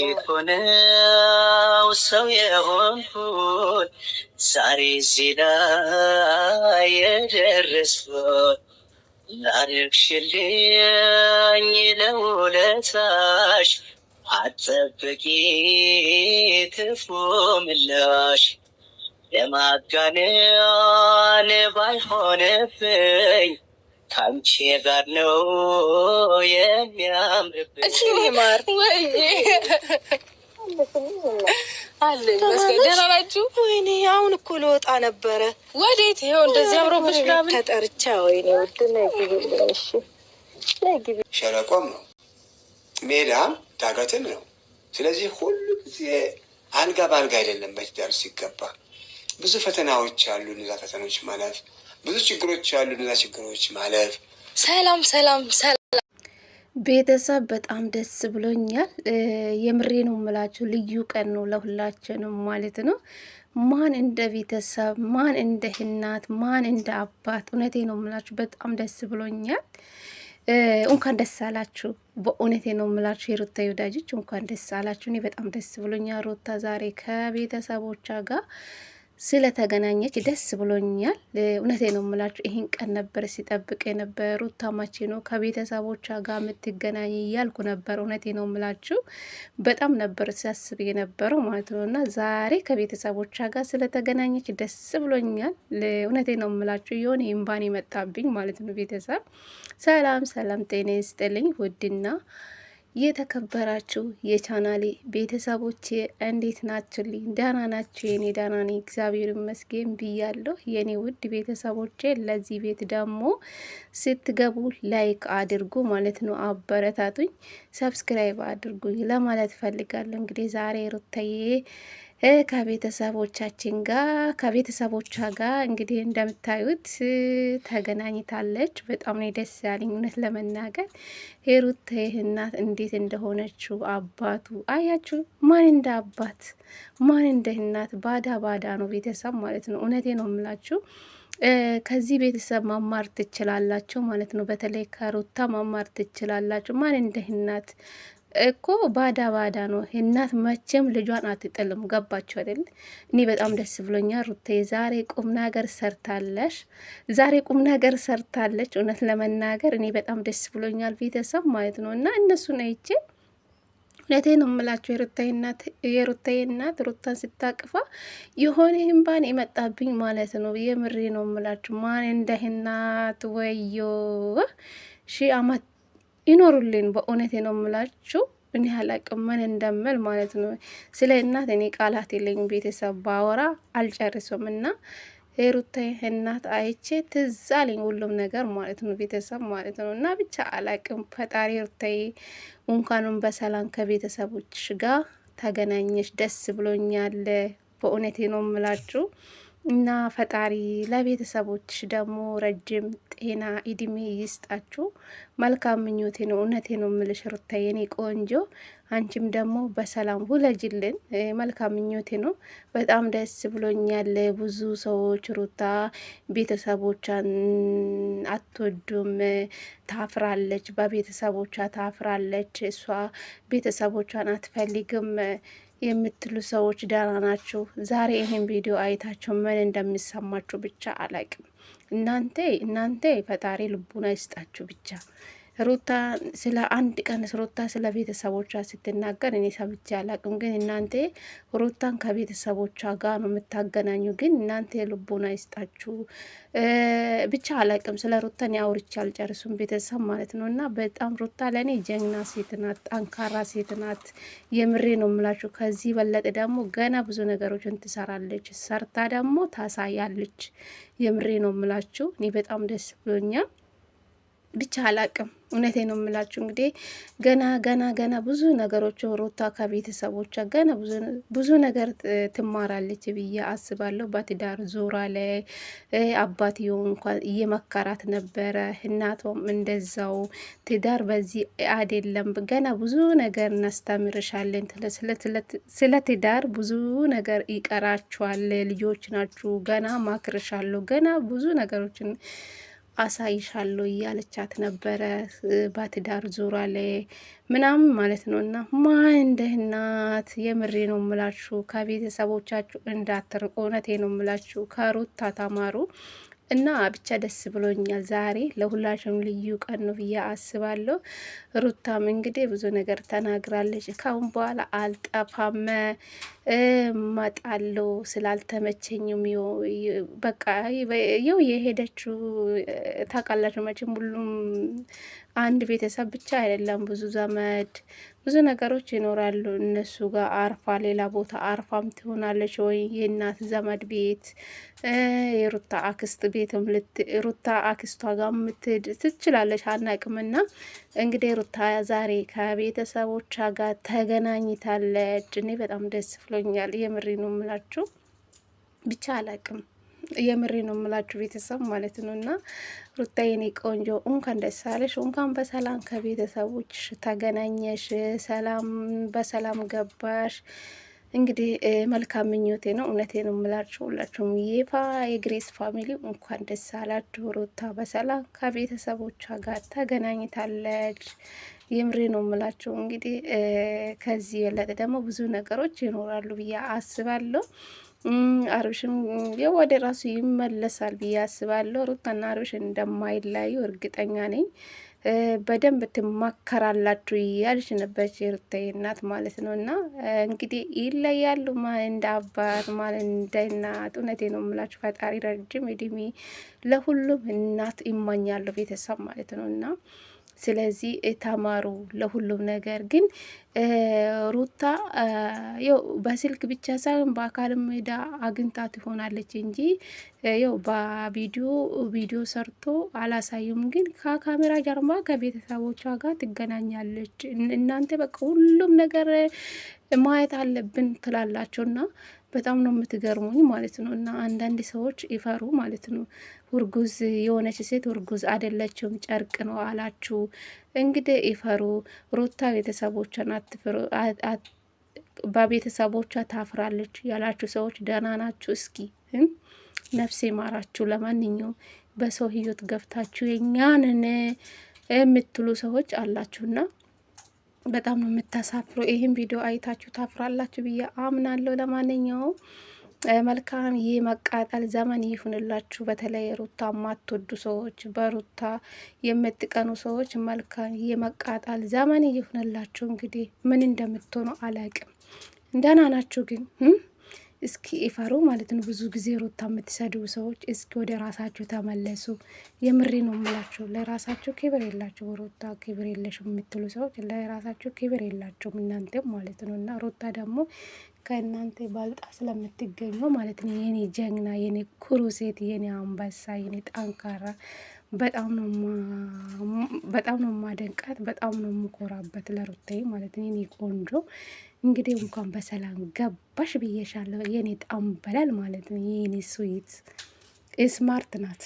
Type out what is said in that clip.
ሴት ሆነው ሰው የሆንኩን ዛሬ ዜና የደረስኩን ላደረግሽልኝ ለውለታሽ አትጠብቂ ክፉ ምላሽ ለማጋነን ባይሆንብኝ ከአንቺ ጋር ነው የሚያምርብሽ። ወይ አለ ደህና ናችሁ? ወይኔ አሁን እኮ ልወጣ ነበረ። ወዴት? ይኸው እንደዚህ አምሮብሽ ምናምን ተጠርቻ። ወይኔ ውድ ነግብልሽ። ሸለቆም ነው ሜዳም ዳገትም ነው። ስለዚህ ሁሉ ጊዜ አልጋ በአልጋ አይደለም። በትዳር ሲገባ ብዙ ፈተናዎች አሉ። እነዛ ፈተናዎች ማለት ብዙ ችግሮች አሉ። እነዛ ችግሮች ማለፍ ሰላም ሰላም ሰላም ቤተሰብ በጣም ደስ ብሎኛል። የምሬ ነው የምላችሁ፣ ልዩ ቀን ነው ለሁላችንም ማለት ነው። ማን እንደ ቤተሰብ፣ ማን እንደ እናት፣ ማን እንደ አባት። እውነቴ ነው የምላችሁ፣ በጣም ደስ ብሎኛል። እንኳን ደስ አላችሁ። በእውነቴ ነው የምላችሁ የሩታ ወዳጆች እንኳን ደስ አላችሁ። እኔ በጣም ደስ ብሎኛል። ሩታ ዛሬ ከቤተሰቦቿ ጋር ስለተገናኘች ደስ ብሎኛል። እውነቴ ነው የምላችሁ፣ ይህን ቀን ነበር ሲጠብቅ የነበሩ ታማች ነው ከቤተሰቦቿ ጋር የምትገናኝ እያልኩ ነበር። እውነቴ ነው የምላችሁ፣ በጣም ነበር ሲያስብ የነበረው ማለት ነው። እና ዛሬ ከቤተሰቦቿ ጋር ስለተገናኘች ደስ ብሎኛል። እውነቴ ነው የምላችሁ፣ የሆነ እምባን የመጣብኝ ማለት ነው። ቤተሰብ ሰላም ሰላም፣ ጤና ይስጥልኝ ውድና የተከበራችሁ የቻናሌ ቤተሰቦቼ እንዴት ናችሁልኝ? ደህና ናችሁ? የኔ ደህና ነኝ እግዚአብሔር ይመስገን ብያለሁ። የኔ ውድ ቤተሰቦቼ ለዚህ ቤት ደግሞ ስትገቡ ላይክ አድርጉ ማለት ነው፣ አበረታቱኝ፣ ሰብስክራይብ አድርጉኝ ለማለት ፈልጋለሁ። እንግዲህ ዛሬ ሩታዬ ከቤተሰቦቻችን ጋር ከቤተሰቦቿ ጋር እንግዲህ እንደምታዩት ተገናኝታለች። በጣም ነው ደስ ያለኝ እውነት ለመናገር ሄሩት እናት እንዴት እንደሆነችው አባቱ አያችሁ፣ ማን እንደ አባት ማን እንደ እናት ባዳ ባዳ ነው ቤተሰብ ማለት ነው። እውነቴ ነው የምላችሁ ከዚህ ቤተሰብ መማር ትችላላችሁ ማለት ነው። በተለይ ከሩታ መማር ትችላላችሁ። ማን እንደ እናት እኮ ባዳ ባዳ ነው። እናት መቼም ልጇን አትጥልም። ገባችሁ አይደል? እኔ በጣም ደስ ብሎኛል ሩቴ፣ ዛሬ ቁም ነገር ሰርታለሽ። ዛሬ ቁም ነገር ሰርታለች። እውነት ለመናገር እኔ በጣም ደስ ብሎኛል ቤተሰብ ማለት ነው። እና እነሱን አይቼ እውነቴ ነው የምላችሁ የሩታዬ እናት ሩታን ስታቅፋ የሆነ ህንባን የመጣብኝ ማለት ነው። የምሬ ነው የምላችሁ ማን እንደህናት ወዮ ሺ አመት ይኖሩልን። በእውነት ነው የምላችሁ ምን ያህል አቅም ምን እንደምል ማለት ነው። ስለ እናት እኔ ቃላት የለኝ ቤተሰብ ባወራ አልጨርስም እና ሄሩተ እናት አይቼ ትዝ አለኝ ሁሉም ነገር ማለት ነው። ቤተሰብ ማለት ነው እና ብቻ አላቅም። ፈጣሪ ሩታዬ እንኳንም በሰላም ከቤተሰቦች ጋር ተገናኘች። ደስ ብሎኛል። በእውነቴ ነው የምላችሁ። እና ፈጣሪ ለቤተሰቦች ደግሞ ረጅም ጤና እድሜ ይስጣችሁ። መልካም ምኞቴ ነው። እውነቴ ነው የምልሽ ሩታ የኔ ቆንጆ፣ አንቺም ደግሞ በሰላም ሁለጅልን። መልካም ምኞቴ ነው። በጣም ደስ ብሎኛል። ብዙ ሰዎች ሩታ ቤተሰቦቿን አትወዱም፣ ታፍራለች፣ በቤተሰቦቿ ታፍራለች፣ እሷ ቤተሰቦቿን አትፈልግም የምትሉ ሰዎች ደህና ናችሁ? ዛሬ ይህን ቪዲዮ አይታችሁ ምን እንደሚሰማችሁ ብቻ አላቅም። እናንተ እናንተ ፈጣሪ ልቡና ይስጣችሁ ብቻ ሩታ ስለ አንድ ቀን ሩታ ስለ ቤተሰቦቿ ስትናገር እኔ ሰምቼ አላቅም። ግን እናንተ ሩታን ከቤተሰቦቿ ጋር ነው የምታገናኙ። ግን እናንተ ልቦና ይስጣችሁ። ብቻ አላቅም። ስለ ሩታን አውርቼ አልጨርሱም ቤተሰብ ማለት ነው። እና በጣም ሩታ ለእኔ ጀግና ሴት ናት፣ ጠንካራ ሴት ናት። የምሬ ነው የምላችሁ። ከዚህ በለጠ ደግሞ ገና ብዙ ነገሮችን ትሰራለች፣ ሰርታ ደግሞ ታሳያለች። የምሬ ነው የምላችሁ። እኔ በጣም ደስ ብሎኛል። ብቻ አላቅም። እውነቴ ነው የምላችሁ። እንግዲህ ገና ገና ገና ብዙ ነገሮች ሩታ ከቤተሰቦቿ ገና ብዙ ነገር ትማራለች ብዬ አስባለሁ። በትዳር ዙራ ላይ አባትዮ እንኳን እየመከራት ነበረ፣ እናቷም እንደዛው ትዳር በዚህ አይደለም፣ ገና ብዙ ነገር እናስተምርሻለን፣ ስለ ትዳር ብዙ ነገር ይቀራችኋል፣ ልጆች ናችሁ፣ ገና ማክርሻለሁ፣ ገና ብዙ ነገሮችን አሳይሻለሁ እያለቻት ነበረ። ባትዳር ዙራ ላይ ምናምን ማለት ነው። እና ማን እንደህናት የምሬ ነው ምላችሁ፣ ከቤተሰቦቻችሁ እንዳትርቁ። እውነቴ ነው ምላችሁ፣ ከሩታ ተማሩ። እና ብቻ ደስ ብሎኛል። ዛሬ ለሁላችሁም ልዩ ቀን ነው ብዬ አስባለሁ። ሩታም እንግዲህ ብዙ ነገር ተናግራለች። ካሁን በኋላ አልጠፋም እመጣለሁ ስላልተመቸኝም በቃ የው የሄደችው ታውቃላችሁ መቼም ሁሉም አንድ ቤተሰብ ብቻ አይደለም፣ ብዙ ዘመድ፣ ብዙ ነገሮች ይኖራሉ። እነሱ ጋር አርፋ ሌላ ቦታ አርፋም ትሆናለች ወይ የእናት ዘመድ ቤት የሩታ አክስት ቤትም ሩታ አክስቷ ጋር የምትሄድ ትችላለች፣ አናቅምና እንግዲህ ሩታ ዛሬ ከቤተሰቦቿ ጋር ተገናኝታለች። እኔ በጣም ደስ ብሎኛል። የምሬ ነው የምላችሁ ብቻ አላቅም የምሬ ነው የምላችሁ ቤተሰብ ማለት ነው። እና ሩታዬ የኔ ቆንጆ እንኳን ደስ አለሽ፣ እንኳን በሰላም ከቤተሰቦች ተገናኘሽ፣ ሰላም በሰላም ገባሽ። እንግዲህ መልካም ምኞቴ ነው። እውነቴ ነው የምላችሁ ሁላችሁም ይፋ የግሬስ ፋሚሊ እንኳን ደስ አላችሁ። ሩታ በሰላም ከቤተሰቦቿ ጋር ተገናኝታለች። የምሬ ነው የምላችሁ። እንግዲህ ከዚህ የበለጠ ደግሞ ብዙ ነገሮች ይኖራሉ ብዬ አስባለሁ። አብርሽም ያው ወደ ራሱ ይመለሳል ብዬ አስባለሁ። ሩታና አብርሽ እንደማይለያዩ እርግጠኛ ነኝ። በደንብ ትማከራላችሁ እያልሽ ነበች የሩታዬ እናት ማለት ነው። እና እንግዲህ ይለያሉ እንደ አባት ማለት እንደ እናት። እውነቴ ነው የምላችሁ ፈጣሪ ረጅም እድሜ ለሁሉም እናት ይማኛለሁ ቤተሰብ ማለት ነው እና ስለዚህ ተማሩ ለሁሉም ነገር። ግን ሩታ ያው በስልክ ብቻ ሳይሆን በአካል ሜዳ አግኝታት ይሆናለች እንጂ ያው በቪዲዮ ቪዲዮ ሰርቶ አላሳዩም። ግን ከካሜራ ጀርባ ከቤተሰቦቿ ጋር ትገናኛለች። እናንተ በቃ ሁሉም ነገር ማየት አለብን ትላላችሁና በጣም ነው የምትገርሙኝ ማለት ነው። እና አንዳንድ ሰዎች ይፈሩ ማለት ነው። እርጉዝ የሆነች ሴት እርጉዝ አይደለችም ጨርቅ ነው አላችሁ። እንግዲህ ይፈሩ። ሩታ ቤተሰቦቿን አትፍሩ። በቤተሰቦቿ ታፍራለች ያላችሁ ሰዎች ደህና ናችሁ? እስኪ ነፍሴ ማራችሁ። ለማንኛውም በሰው ህይወት ገብታችሁ የኛንን የምትሉ ሰዎች አላችሁና በጣም ነው የምታሳፍሩ። ይህም ቪዲዮ አይታችሁ ታፍራላችሁ ብዬ አምናለሁ። ለማንኛውም መልካም መቃጠል ዘመን ይሁንላችሁ። በተለይ ሩታ ማትወዱ ሰዎች፣ በሩታ የምትቀኑ ሰዎች መልካም መቃጠል ዘመን ይሁንላችሁ። እንግዲህ ምን እንደምትሆኑ አላቅም። ደህና ናችሁ ግን እስኪ ኢፋሮ ማለት ነው። ብዙ ጊዜ ሩታ የምትሰድቡ ሰዎች እስኪ ወደ ራሳችሁ ተመለሱ። የምሬ ነው የምላችሁ። ለራሳችሁ ክብር የላችሁ። ሩታ ክብር የለሽ የምትሉ ሰዎች ለራሳችሁ ክብር የላችሁም እናንተም ማለት ነው። እና ሩታ ደግሞ ከእናንተ ባልጣ ስለምትገኘው ማለት ነው። የኔ ጀግና፣ የኔ ኩሩ ሴት፣ የኔ አንበሳ፣ የኔ ጠንካራ በጣም ነው ማደንቃት፣ በጣም ነው የምኮራበት ለሩታዬ ማለት ነው። የኔ ቆንጆ እንግዲህ እንኳን በሰላም ገባሽ ብዬሻለሁ። የኔ በላል ማለት ነው። የኔ ስዊት ስማርት ናት።